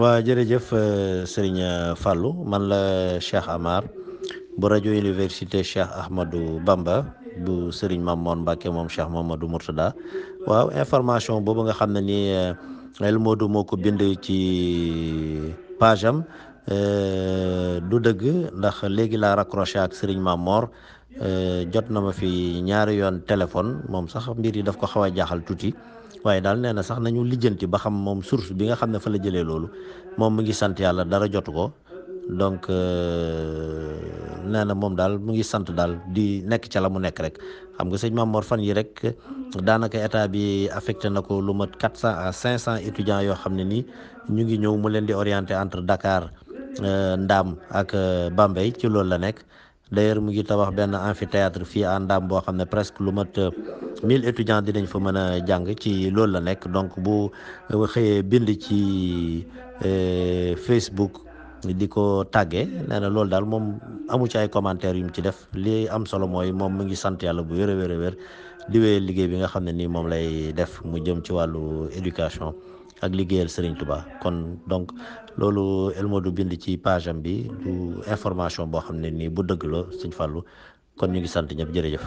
waa jërëjëf euh, sëriñ euh, Fallou man la Cheikh Amar bu rajo université Cheikh Ahmadou Bamba bu sëriñ Mamoon Mbacke moom Cheikh Mamadou Mourtada waaw information boobu nga xam ne ni euh, El moo ko bind ci page am lu dëgg ndax léegi la raccroché ak sëriñ Maam euh, jot na ma fi ñaari yoon téléphone moom sax mbir yi daf ko xaw a jaaxal tuuti waaye daal nee na sax nañu lijjanti ba xam moom source bi nga xam ne fa la jëlee loolu moom mu ngi sant yàlla dara jotu ko donc euh, nee na moom daal mu ngi sant daal di nekk ca la mu nekk rek xam nga sëñ Maam fan yi rek daanaka état bi affecté na ko lu mat quatre cent à cinq cent étudiants yoo xam ne nii ñu ngi ñëw mu leen di orienté entre Dakar. Euh, Ndaam ak euh, Bambey ci loolu la nekk d'ailleurs mu ngi tabax benn amphithéâtre fii à Ndaam boo xam ne presque lu mat euh, mille étudiants dinañ fa mën a jàng ci loolu la nekk donc bu xëyee bind ci Facebook di ko tàggee nee na loolu daal moom amu ci ay commentaires yu mu ci def li am solo mooy moom mu ngi sant yàlla bu wér a wér a wér di liggéey bi nga xam ne nii moom lay def mu jëm ci wàllu éducation. ak liggéeyal Serigne Touba kon donc loolu Elmo du bind ci page bi du information boo xam ne nii bu dëgg la Serigne Fallou kon ñu ngi sant ñëpp jërëjëf.